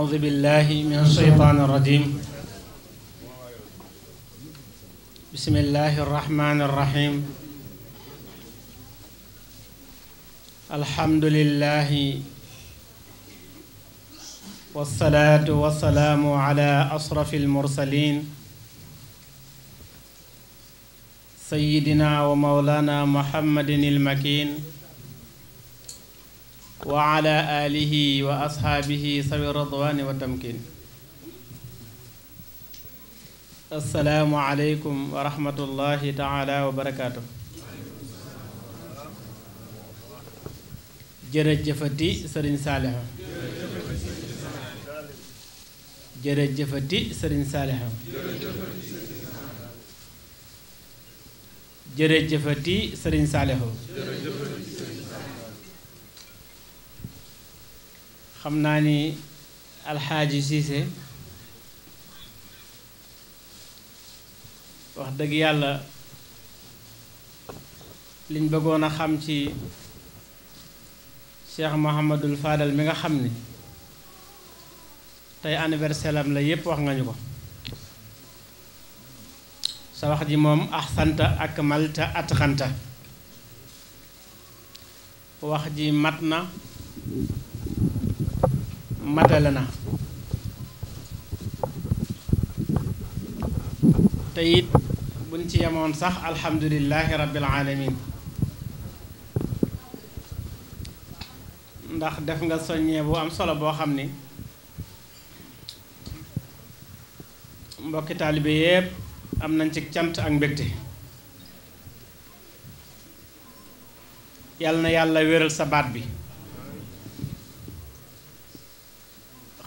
أعوذ بالله من الشيطان الرجيم بسم الله الرحمن الرحيم الحمد لله والصلاة والسلام على أشرف المرسلين سيدنا ومولانا محمد المكين وعلى آله وأصحابه سوى الرضوان والتمكين السلام عليكم ورحمة الله تعالى وبركاته جرد جفتي سرين صالحا جرد جفتي سرين صالحا جرد جفتي سرين صالحا جرد جفتي سرين صالحا xamna ni al alxaaji cisse wax deug yalla liñ bëggoon xam ci cheikh mohammedul fadal mi nga xam ni tey anniversaire am la yépp wax nga ñuko sa wax ji mom ahsanta akmalta malta wax ji matna matale na te it buñ ci yemoon sax alhamdulilahi rabbil alamin ndax def nga soññee bu am solo boo xam ni mbokki taalibe yépp am nañ ci cant ak mbégte yal na yàlla wéral sa baat bi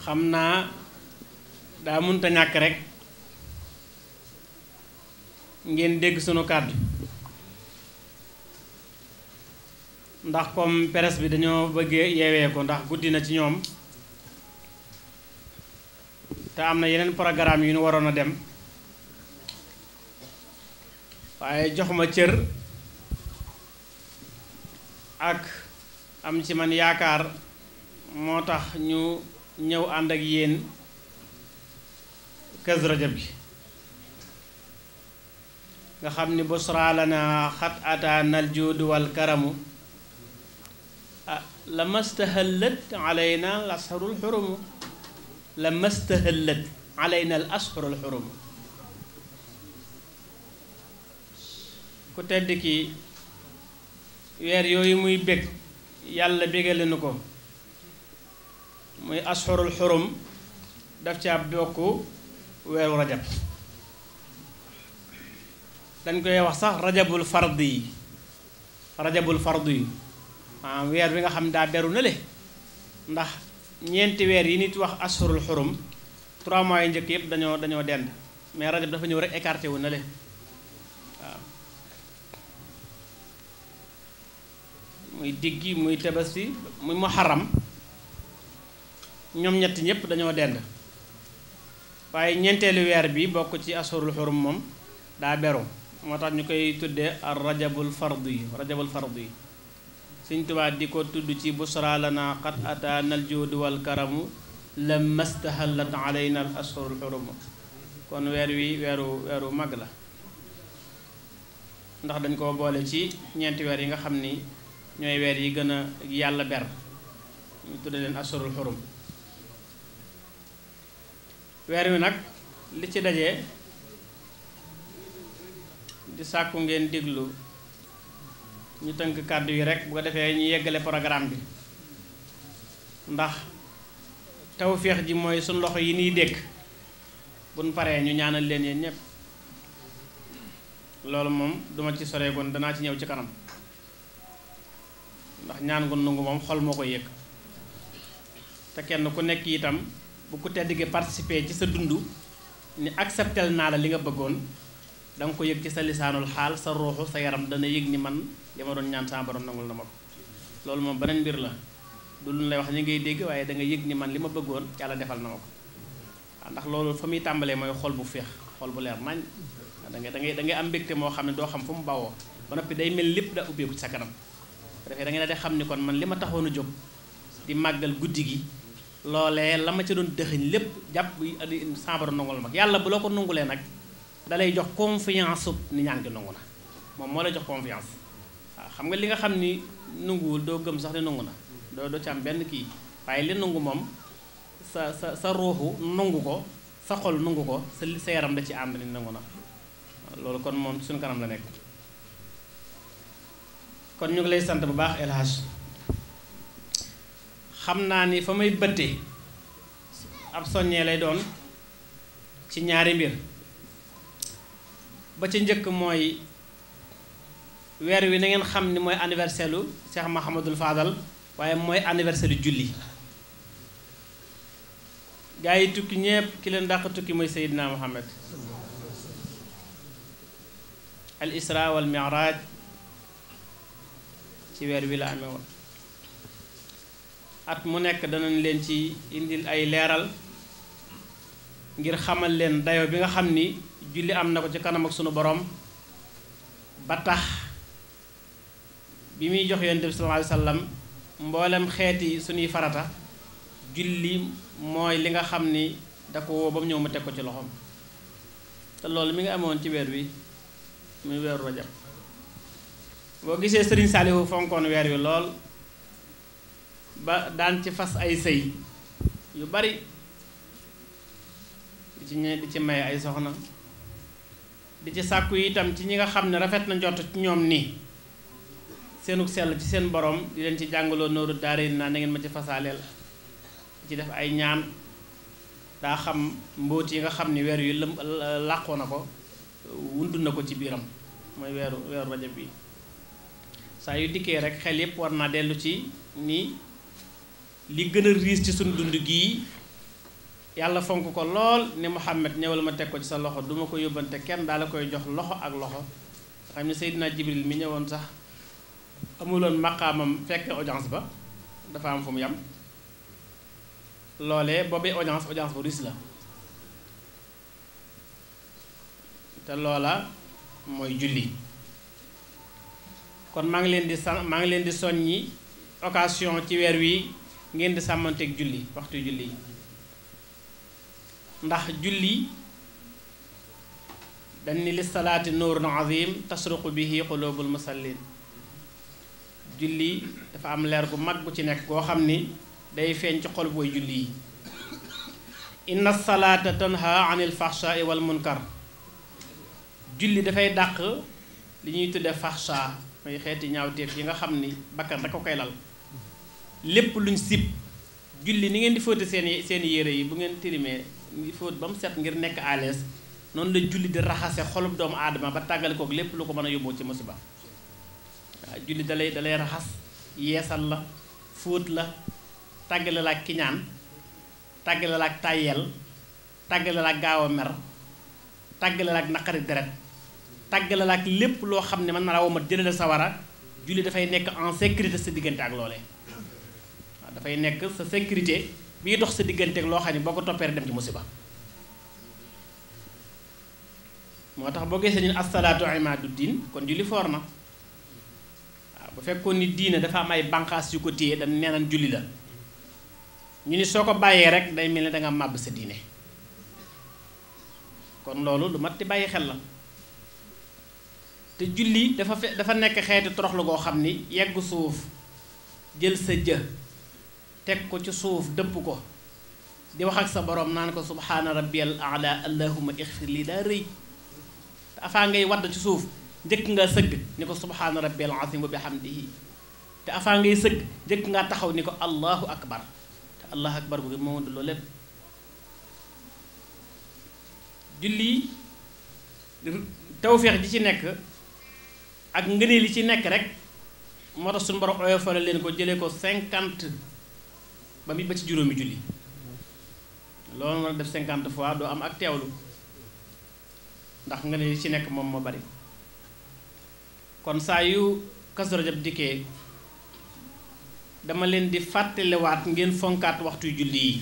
xamna da tanya munta ñak rek ngeen dégg suñu kàddu ndax comme presse bi dañoo bëggee yewé ko ndax guddi na ci ñoom te amna programme yu ñu waroon dem waaye jox ma cër ak am ci man yaakaar moo ñu ñëw ànd ak yéen kaz Rajab bi nga xamni busra lana khat xat ataana jud wal karam lama stahallat alayna al asharu al hurum lama stahallat alayna al asharu al hurum ku teddi ki wer yoy muy bég yàlla bégale nu ko muy ashurul hurum daf ab bokk weeru rajab dañ koy wax sax rajabul fardi, rajabul fardi am maanaam weer wi nga xam da beru na le ndax ñent weer yi nit wax ashurul hurum trois mois yi njëkk yëpp dañoo dend mais rajab dafa ñëw rek écarté wu na le muy diggi muy tabassi muy muharram ñom ñet ñep dañoo dend waye ñentelu weer bi bokk ci ashurul hurum mom daa beru moo tax ñu ar rajabul fardhi. rajabul fardhi yi suñ diko tudd ci busra lana qad atana al juudu wal karamu lam mastahallat alayna al ashurul hurum kon weer wi weru weeru magla ndax dañ ko boole ci ñent yi nga xamni ñoy ñooy yi gëna yalla ber ñu tuddé len ashurul hurum weer wi nak li ci dajé di sakku ngeen diglu ñu tënk kaddu yi rek bu ko défé ñu yéggalé programme bi ndax tawféex ji moy sun loxo yi ni dékk buñ paré ñu ñaanal leen yeen ñëpp loolu moom duma ci gon dana ci ñew ci kanam ndax ñaan gon nangu moom xol moo ko yëg te kenn ku nekk itam bu ko tedd gi participer ci sa dund ni acceptel na la li nga bëggoon dang ko yëg ci sa lisanul xaal sa ruuxu sa yaram dana yëg ni man li ma doon ñaan sama borom nangul na ma ko loolu moom beneen mbir la du lu lay wax ni ngay dégg waaye da nga yëg ni man li ma bëggoon yàlla defal na ma ko ndax loolu fa muy tàmbalee mooy xol bu xol bu leer nañ da ngay da ngay da ngay am mbégte moo xam ne doo xam fu mu bawoo ba noppi day mel lépp ubbeeku ci sa kanam defee da ngay la di xam ni kon man li ma taxoon a di màggal guddi loole la ma ca doon dëxëñ lépp jàpp saabaru nangul mag yàlla bu la ko lee nag dalay jox confiance sub ni ñaan gi nangu na moom moo lay jox confiance waaw xam nga li nga xam ni nanguwul doo gëm sax ne na doo doo ci am benn kii waaye li nangu moom sa sa sa ruuxu nangu ko sa xol sa yaram da ci ànd ni nangu na loolu kon moom suñu kanam la nekk kon ñu ngi lay sant bu baax El xam naa ni fa may bëtte ab soññee lay doon ci ñaari mbir ba ca njëkk mooy weer wi nangeen xam ni mooy anniversaire lu Cheikh Mahamadul Fadal waaye mooy anniversaire lu julli gaa yi tukki ñépp ki leen dàq tukki mooy Seydina Muhammad al isra wal mi'raj ci weer wi la amee at mu nekk danañ leen ci indil ay leeral ngir xamal leen dayo bi nga xam ni julli am na ko ci kanam ak sunu boroom ba tax bi muy jox yonent def sallallahu alayhi wasallam mboolem xeeti suñuy farata julli mooy li nga xam ni da ko ba mu ñëw ma teg ko ci loxoom te loolu mi ngi amoon ci weer wi muy weeru rajab boo gisee Serigne Saliou fonkoon weer wi lool ba daan ci fas ay sey yu bari di ci di ci may ay soxna di ci sakku itam ci ñi nga xamne rafet na njort ci ñom ni senuk sel ci sen borom di len ci jangalo nooru daare na ngeen ma ci fasalel ci def ay ñaan daa xam mbóot yi nga xam ni yu lëm nako wundu nako ci biram moy weeru weeru rajab bi sa yu dikke rek xel yep war naa ci ni li gën a riis ci suñu dund gii yàlla fonk ko lool ne Muhammad ñëwal ma teg ko ci sa loxo duma ko yóbbante kenn daal la koy jox loxo ak loxo xam ne Seydina Jibril mi ñëwoon sax amuloon maqaamam fekk audience ba dafa am fu mu yam loolee boobee audience audience bu riis la te loola mooy julli kon maa ngi leen di san maa ngi leen di soññi occasion ci weer wi ngeen di sàmmanteeg julli waxtu julli ndax julli dañ ni li salaati nuurun azim tasruqu bihi qulubul musallin julli dafa am leer gu mag bu ci nekk koo xam ni day feeñ ci xol booy julli yi inna salaata tanha anil fahshai wal munkar julli dafay dàq li ñuy tudde fahsha mooy xeeti ñaawteef yi nga xam ni bakkan rek ko koy lal lepp luñ sip julli ni ngeen di fóote seen seen yére yi bu ngeen tilimee ni ba bam set ngir nek à l'aise non la julli di raxase xolum doom adama ba tàggale kook lepp lu ko mën yobbo ci musiba julli dalay dalay raxas yeesal la fóot la tagal la ak kiñaan tagal la ak tàyyeel tagal la ak mer tagal la ak deret tagal la ak lépp loo xam na laa woo ma sawara julli dafay nek en sécurité ci digënté ak lolé dafay nekk sa sécurité bii dox sa digganteeg loo xam ne boo ko toppee dem ci musiba moo tax boo gisee ñun asalaatu imaadu diin kon julli foor na waaw bu fekkoon ni diina dafa am ay bànqaas yu ko téye dañ neenaan julli la ñu ni soo ko bàyyee rek day mel ni danga màbb sa diine kon loolu lu mat di bàyyi xel la te julli dafa fe dafa nekk xeeti toroxlu goo xam ni yegg suuf jël sa jë teg ko ci suuf dëpp ko di wax ak sa borom naan ko subhaana rabbiyal ala allahuma ixfir lii daa rëy te afaa ngay wadd ci suuf njëkk nga sëgg ni ko rabbiyal azim wa bihamdihi te afaa ngay sëgg njëkk ngaa taxaw ni ko akbar te allahu akbar bu gi moo loolu lépp julli tawféex ji ci nekk ak ngëneel yi ci nekk rek moo tax suñu borom oyofale leen ko jëlee ko cinquante ba mi ba ci juróomi julli loolu nga def 50 fois doo am ak teewlu ndax nga ne ci nekk moom moo bari kon saa yu Kazu Rajab dikkee dama leen di fàttalewaat ngeen fonkaat waxtu julli yi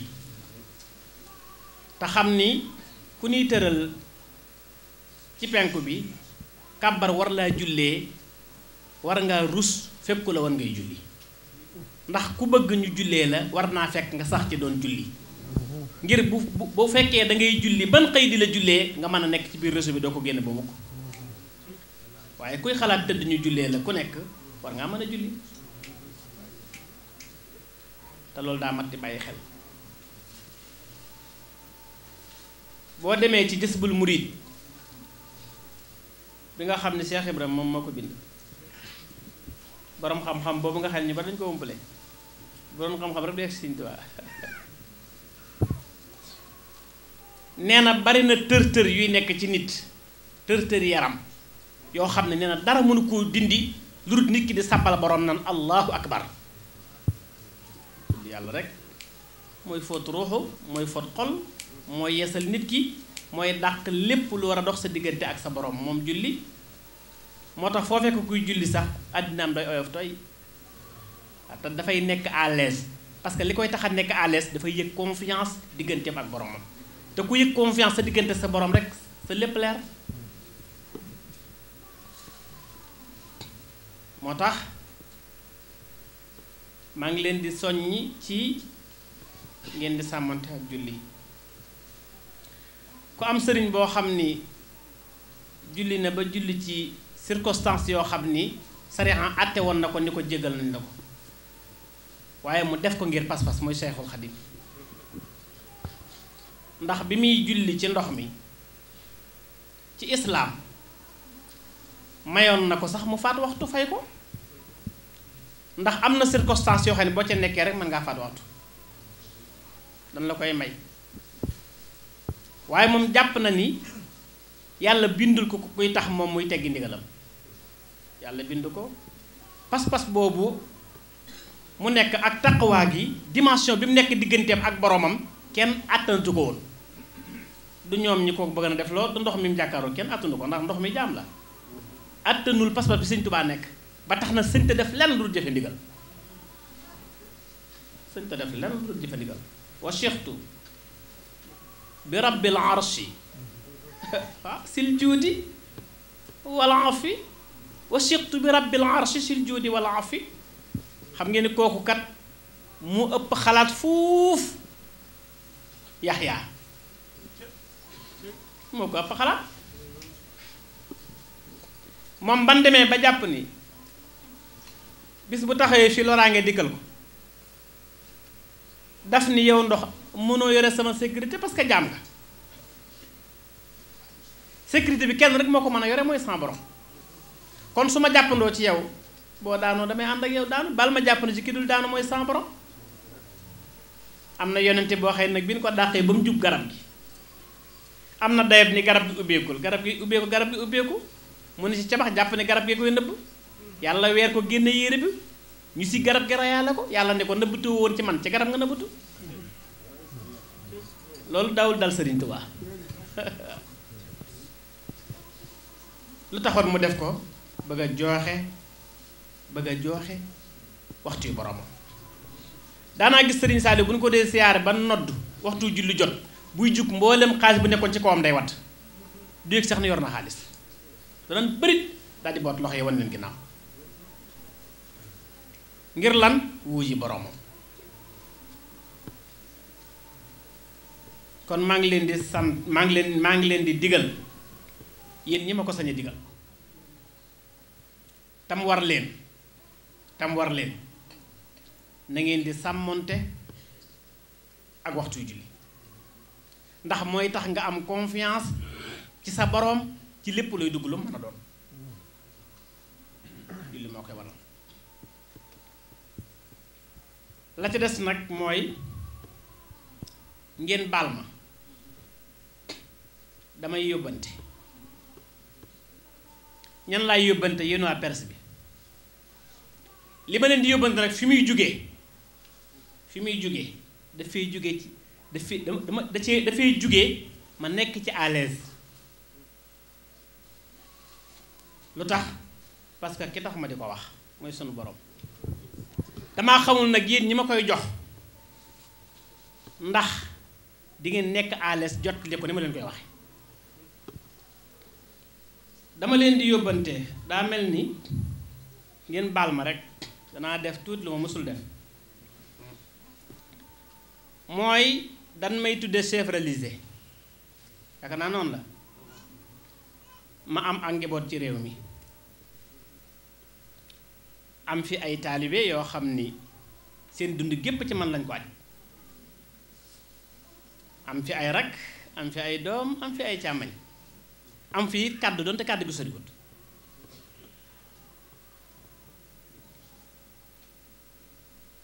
te xam ni ku ñuy tëral ci penku bi kàbbar war laa jullee war nga rus fépp ku la war ngay julli ndax ku bëgg ñu jullee la war na fekk nga sax ci doon julli ngir bu bo fekke da ngay julli ban xëy di la jullee nga mëna a nekk ci biir réseau bi doo ko génn ba mukk waye kuy xalaat tedd ñu jullee la ku nekk war nga mëna julli ta lol da matti di xel bo démé ci jësbul murid bi nga xamni Cheikh ibrahim mom moo bind borom xam-xam bobu nga xel ni ba dañ ko umpale boroom xam-xam rek du yegg Sëriñ nee na bari na tër-tër yuy nekk ci nit tër-tër yaram yoo xam ne nee na dara mënu koo dindi lu dul nit ki di sàbbal borom nan allahu akbar yàlla rek mooy fóot ruuxu mooy fóot xol mooy yeesal nit ki mooy dàq lépp lu war a dox sa diggante ak sa boroom moom julli moo tax foo fekk kuy julli sax àddinaam day oyof toy te dafay nekk à l'aise parce que li koy tax a nekk à l'aise dafay yëg confiance digganteem ak boromam te ku yëg confiance sa diggante sa borom rek sa lépp leer moo tax maa ngi leen di soññi ci ngeen di sàmmante ak julli ku am sëriñ boo xam ni julli na ba julli ci circonstance yoo xam ni sariya àtte woon na ko ni ko jégal nañ la ko waaye mu def ko ngir pas-pas mooy Seexul Xadim ndax bi muy julli ci ndox mi ci islaam mayoon na ko sax mu faat waxtu fay ko ndax am na circonstance yoo xam ne boo ca nekkee rek mën ngaa faat waxtu dan la koy may waaye moom jàpp na ni yàlla bindul ko kuy tax moom muy teggi ndigalam yàlla bind ko pas-pas boobu mu nek ak taqwa gi dimension bi mu nekk digganteem ak boromam ken atantu ko won du ñom ñi ko bëgg na def lo du ndox mi mu jàkkaaroon kenn àttanu ko ndax ndox mi jam la àttanul pas-pas bi seigne touba nek ba taxna seigne te def lenn lu jëfe ndigal seigne te def lenn lu jëfe ndigal wa cheikhtu bi rabbil arshi waaw sil juudi wal afi wa cheikhtu bi rabbil arshi sil juudi wal afi xam ngeen ni kooku kat mu ëpp xalaat fuuf yaxya moo ko ëpp xalaat moom ban demee ba jàpp ni bis bu taxawee fii loraange dikkal ko daf ni yow ndox mënoo yore sama sécurité parce que jaam nga sécurité bi kenn rek moo ko mën a yore mooy sama borom kon su ma jàppandoo ci yow boo daanoo damay ànd ak yow daanu bal ma jàpp na si ki dul daanu mooy sama borom am na yonente boo xëy nag bi ñu ko dàqee ba mu jub garab gi am na dayab ni garab gi ubbeekul garab gi ubbeeku garab gi ubbeeku mu ne si cabax jàpp ne garab gee koy nëbb yàlla weer ko génne yére bi ñu si garab gi rayaale ko yàlla ne ko nëbbatu woon ci man ci garab nga nëbbatu loolu daawul dal Sëriñ Tuubaa lu taxoon mu def ko bëgg a jooxe bëgg a jooxe waxtu yu boromam daanaa gis sëriñ Saliou bu ñu ko dee siyaare ba nodd waxtu julli jot buy jug mboolem xaalis bu nekkoon ci kawam day wat du yëg sax ne yor na xaalis danañ bërit daal di boot loxo yi wan leen ginnaaw ngir lan wuuy yi boromam kon maa ngi leen di sant maa ngi leen maa ngi leen di diggal yéen ñi ma ko sañ a digal tam war leen tam war leen na ngeen di sàmmonte ak waxtu julli ndax mooy tax nga am confiance ci sa borom ci lépp looy dugg lu mën a doon julli moo koy waral la ca des nag mooy ngeen baal ma damay yóbbante ñan laay yóbbante waa perse li ma leen di yóbbante rek fi muy jóge fi muy jóge dafay jóge ci dafay dama da cee dafay jóge ma nekk ci à lu tax parce que ki tax ma di ko wax mooy sunu borom damaa xamul nag yéen ñi ma koy jox ndax di ngeen nekk à jot li ko ni ma leen koy waxe dama leen di yóbbante daa mel ni ngeen baal ma rek danaa def tuuti lu ma mësul def mooy dan may tudde chef religieux naa noonu la ma am ak njaboot ci réew mi am fi ay taalibe yoo xam ni seen dund gépp ci man lañ ko aj am fi ay rakk am fi ay doom am fi ay càmmañ am fi it kàddu doonte kàddu gu soriwut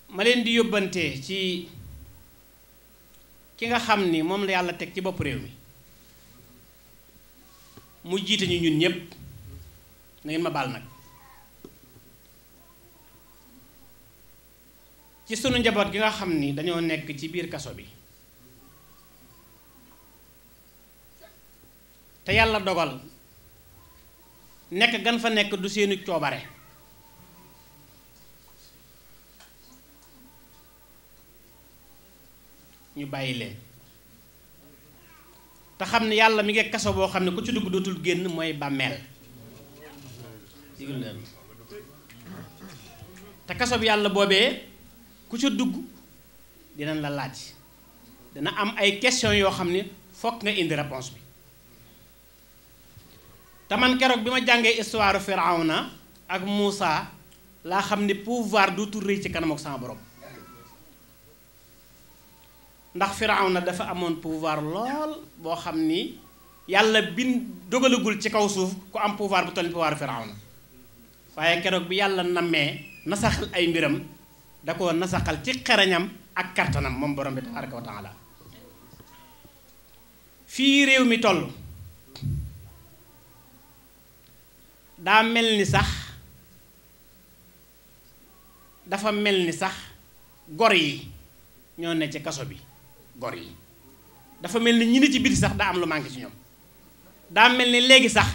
ma leen di yóbbante ci ki nga xam ni moom la yàlla teg ci bopp réew mi mu jiite ñu ñun ñépp na ngeen ma baal nag ci sunu njaboot gi nga xam ni dañoo nekk ci biir kaso bi te yàlla dogal nekk gan fa nekk du seenu coobare ñu bàyyi leen te xam ne yàlla mi ngi kaso boo xam ne ku ci dugg dootul génn mooy bàmmeel te kaso bi yàlla boobee ku ci dugg dinañ la laaj dina am ay question yoo xam ne fokk nga indi réponse bi te man keroog bi ma jàngee histoire Firawna ak Moussa laa xam ne pouvoir dootul rëy ci kanam ak sama borom ndax firawna dafa amoon pouvoir lool boo xam ni yàlla bin dogalagul ci kaw suuf ku am pouvoir bu tolli pouvoir firawna waaye keroog bi yàlla nammee nasaxal ay mbiram da ko nasaxal ci xerañam ak kartanam moom borom bi tabaraka wa taala fii réew mi toll daa mel ni sax dafa mel ni sax gor yi ñoo ne ci kaso bi gor yi dafa mel ni ñi ni ci biti sax daa am lu manqué ci ñoom daa mel ni léegi sax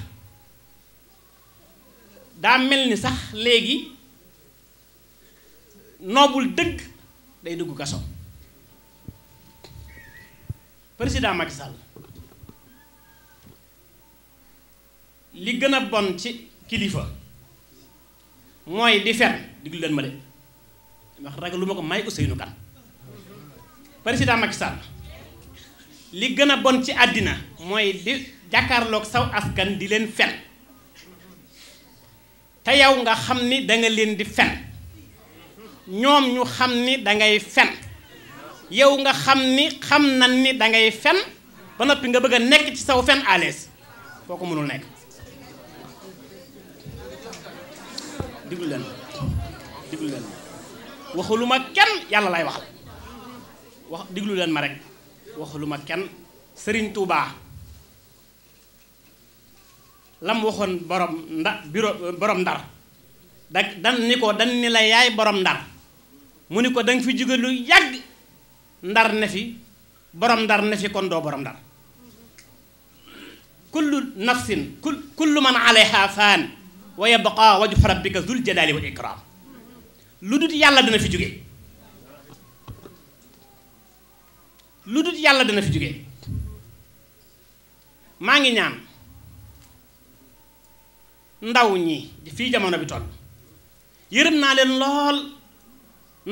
daa mel ni sax léegi noobul dëgg day dugg kaso président Macky Sall li gën a bon ci kilifa mooy di fen diglu leen ma de wax ragal lu ma ko may Ousseynou Kane président Macky li gën a bon ci àddina mooy di jàkkaarloog saw askan di leen fen te yow nga xam ni danga leen di fen ñoom ñu xam ni dangay fen yow nga xam ni xam nan ni dangay fen ba noppi nga bëgg a nekk ci saw fen à l'aise foo ko mënul nekk déglu leen déglu leen waxuluma kenn yàlla lay waxal wax diglu leen ma rek ma kenn sëriñ Touba lam waxoon borom nda biro borom ndar da dan ni ko dan ni la yaay borom ndar mu ni ko danga fi jóge lu yàgg ndar ne fi borom ndar ne fi kon doo borom ndar kullu nafsin kullu man alayha faan wa yabqa wajhu rabbika zul jalaali wal ikraam lu dut yàlla dina fi jóge lu dul yàlla dana fi jóge maa ngi ñaan ndaw ñi fii jamono bi toll yërëm naa leen lool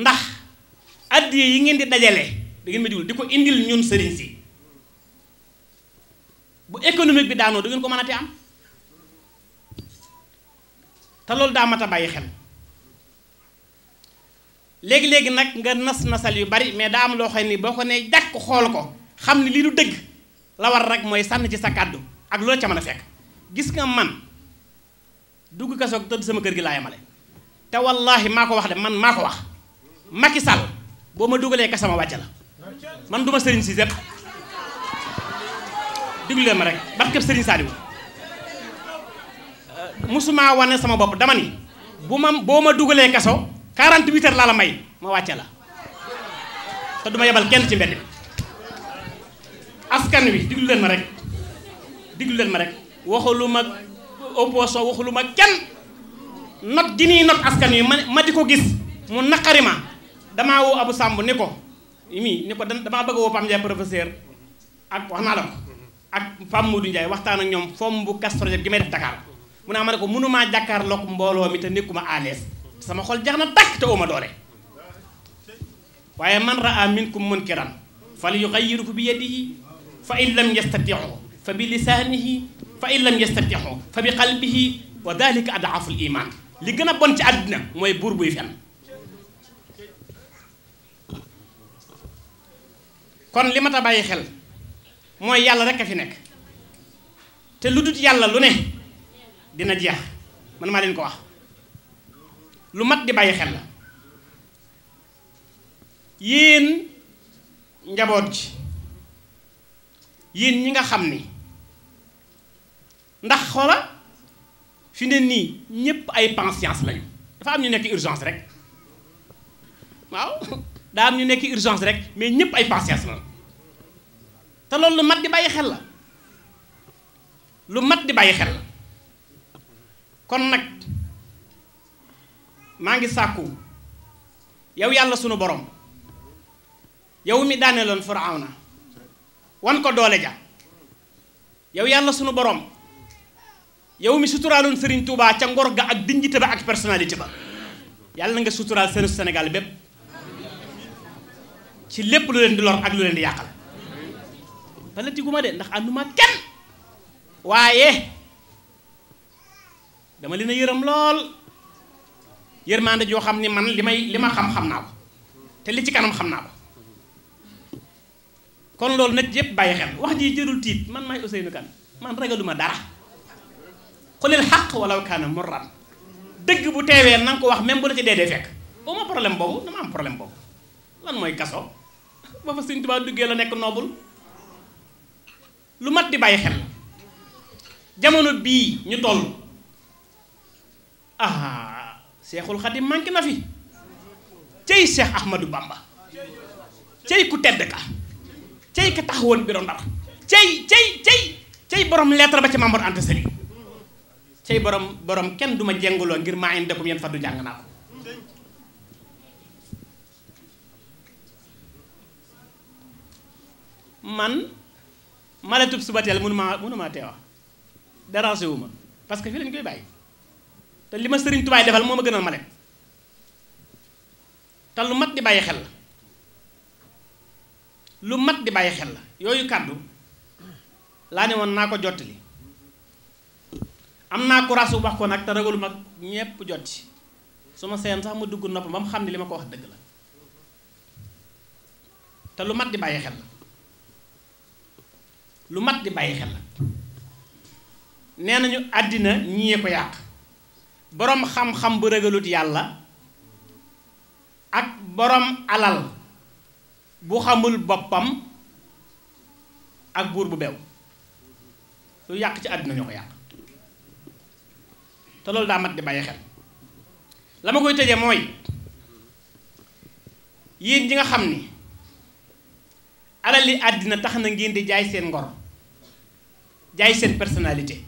ndax addiye yi ngeen di dajale da ngeen ma digul di ko indil ñun sëriñ si bu économique bi daanoo du ngeen ko a mënati am te loolu daa mat a bàyyi xel léegi-léegi nag nga nas nasal yu bari mais daa am loo xam ni boo ko nee jàkk xool ko xam ni lii du dëgg la war rek mooy sànn ci sa kàddu ak loola ca man a fekk gis nga man dugg kasoog tëdd sama kër gi laa yemale te wallaahi maa ko wax de man maa ko wax Macky Sall boo ma dugalee kasama wàcce la man duma sëriñ si yëpp déglu leen ma rek barkeb sëriñ Saliou musuma wane sama bopp dama ni bu ma boo ma dugalee kaso 48 heures la la may ma wàcce la te duma yebal kenn ci mbedd bi askan wi diglu len ma rek diglu len ma rek waxuluma ma opposition waxulu kenn not gini not askan wi ma diko gis mu nakarima dama wo Abou Samb niko imi niko dama bëgg wo Pam jay professeur ak waxna la ak Pam Modou Ndiaye waxtaan ak ñom fomm bu Kazu Rajab gi may def Dakar muna ma ne ko mënumaa lok mbolo mi te nekuma à l'aise sama xol jeex na tàkk te ooma doole waaye man raa minkum munkiran fal yuxayiruhu bi yadihi fa in lam yastatixu fa bi lisaanihi fa in lam yastatixu fa bi qalbihi wa dalika adaful iman li gën a bon ci àddina mooy buur buy fen kon li ma ta bàyyi xel mooy yàlla rek a fi nekk te lu dut yàlla lu ne dina jeex man maa leen ko wax lu mat di bàyyi xel la yéen njaboot ji yéen ñi nga xam ni ndax xoola fi ne nii ñépp ay patience lañu dafa am ñu nekk urgence rek waaw daa am ñu nekk urgence rek mais ñépp ay patience la te loolu lu mat di bàyyi xel la lu mat di bàyyi xel la kon nag maa ngi sàkku yow yàlla sunu boroom yow mi daaneeloon Firawna wan ko doole ja yow yàlla sunu boroom yow mi suturaaloon sëriñ Touba ca ngor ga ak dignité ba ak personnalité ba yàlla nga suturaal seenu Sénégal bépp ci lépp lu leen di lor ak lu leen di yàqal palati de ndax ànduma kenn waaye dama leen a yërëm lool yermande jo xamni man limay lima xam xamna ko te li ci kanam xamna ko kon lol nak yëpp baye xel wax ji jeerul tit man may Ousseynou kan man ragaluma dara qulil haqq walaw kana murran deug bu teewee nang ko wax même bu la ci dee fek fekk ma problème bobu dama am problème bobu lan moy kasso ba fa seigne touba duggee la nek noble lu mat di baye xel jamono bi ñu toll ah cheikhul khadim manki na fi cey cheikh ahmadou bamba cey ku tedd ka cey ka tax bi biro ndar cey cey cey cey borom lettre ba ci Mamadou ante seri cey borom borom ken duma jengulo ngir ma indi ko yéen fadu jàng ko man malatu subatel mënu maa mënu maa teewa dérangé wu ma parce que fi lañ koy baye te li ma sëriñ tubaay defal moo ma gënal ma lem te lu mat di bàyyi xel la lu mat di bàyyi xel la yooyu kàddu laa ne woon naa ko jottali am naa courage bu wax nag te mag ñépp jot ci su seen sax mu dugg nopp ba mu xam ne li ma ko wax dëgg la te lu mat di bàyyi xel la lu mat di bàyyi xel la nee nañu àddina ñii ko yàq boroom xam-xam bu ragalut yàlla ak boroom alal bu xamul boppam ak buur bu bew lu yàq ci àddina ñoo ko yàq te loolu daa mat di bàyyi xel la ma koy tëje mooy yéen ñi nga xam ni alal li àddina tax na ngeen di jaay seen ngor jaay seen personnalité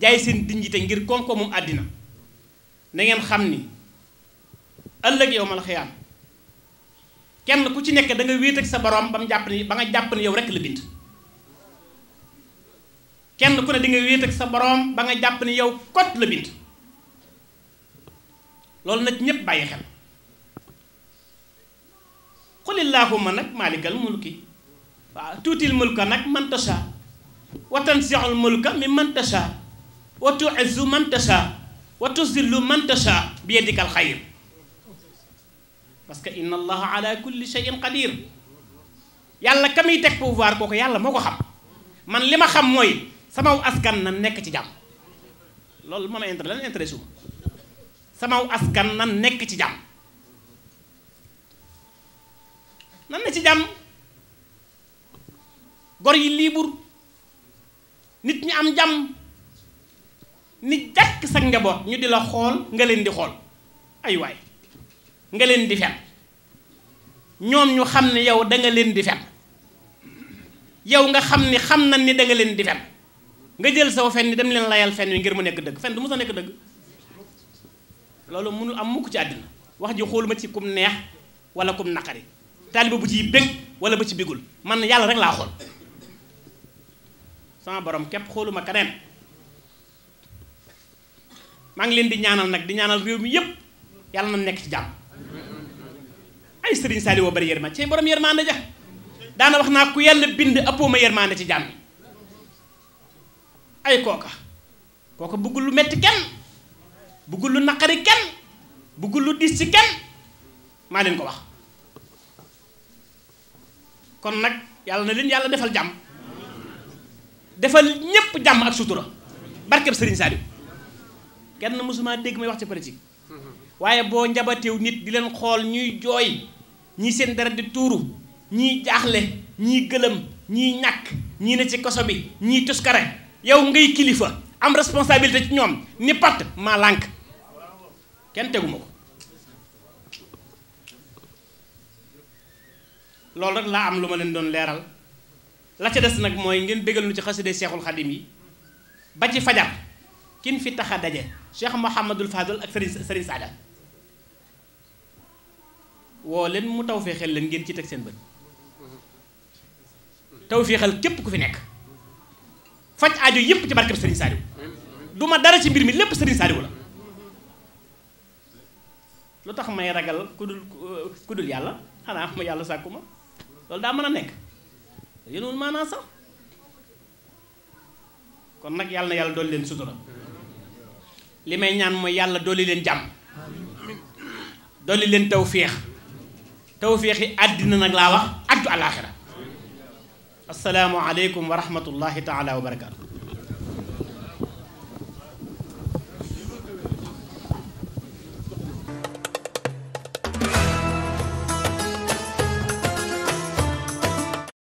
jaay seen dinjite ngir koom-koomum àddina نعم خامني ألاقي يوم الخيام كأن كучي نك دعى ويتك سبرام بام جابني بعج جابني يورك لبنت كأن كون دعى ويتك سبرام بعج جابني يو كت لبنت لول نتنيب بايخن قل الله منك مالك الملكي توت الملك منك من تشاء وتنزع الملك من من تشاء وتعز من وتسدل من تشاء بيدك الخير بس ان الله على كل شيء قدير يالا كامي تك بوفوار كوكو يالا مكو خام مان ليما خام موي سماو اسكان نان نيك تي جام لول ماما انتر لان انتريسو سماو اسكان نان نيك تي جام نان جام غور ليبور نتني ام جام ni jàkk sa njaboot ñu di la xool nga leen di xool ay waay nga leen di fen ñoom ñu xam ne yow da leen di fen yow nga xam ni xam na ni da leen di fen nga jël saw fen ni dem leen layal fen wi ngir mu nekk dëgg fen du mu a nekk dëgg loolu mënu am mukk ci àddina wax ji xool ma ci kum neex wala kum naqari taaliba bu ci bég wala ba ci bégul man yàlla rek laa xool sama borom képp xooluma keneen maa ngi leen di ñaanal nag di ñaanal réew mi yëpp yàlla na nekk ci jàmm ay sëriñ Saliou woo bari yërmande ci borom yërmande ja daana wax naa ku yàlla bind ëppoo ma ci jàmm ay kooka kooka bëggul lu metti kenn bëggul lu naqari kenn bëggul lu diis ci kenn maa leen ko wax kon nag yàlla na leen yàlla defal jàmm defal ñépp jàmm ak sutura barkeb sëriñ Saliou kenn musuma deg may wax ci politique waye bo njabatew nit di len xol ñuy joy ñi seen dara di touru ñi jaxlé ñi gëlem ñi ñak ñi na ci koso bi ñi tuskaré yow ngay kilifa am responsabilité ci ñom ni pat ma lank kenn teguma ko lool rek la am luma len doon leral la ci dess nag moy ngeen bégal nu ci xaside cheikhul khadim yi ba ci fajar كين في تخا شيخ محمد الفاضل اك سيرين سعد و لين مو توفيخل لين نين كي تك سين بن توفيخل كيب كو في نيك فاج اديو ييب تي بارك سيرين سعد دوما دارا سي بير مي سعد ولا لو تخ ماي راغال كودول كودول يالا انا ما يالا ساكوما لول دا مانا نيك ينول مانا سا كون نك يالنا يالا دول limay ñaan moy yàlla doli leen jam doli leen tawfiq tawfiqi adina nak la wax addu àllaaxira assalamu alaykum wa rahmatullahi taala wa barakatuh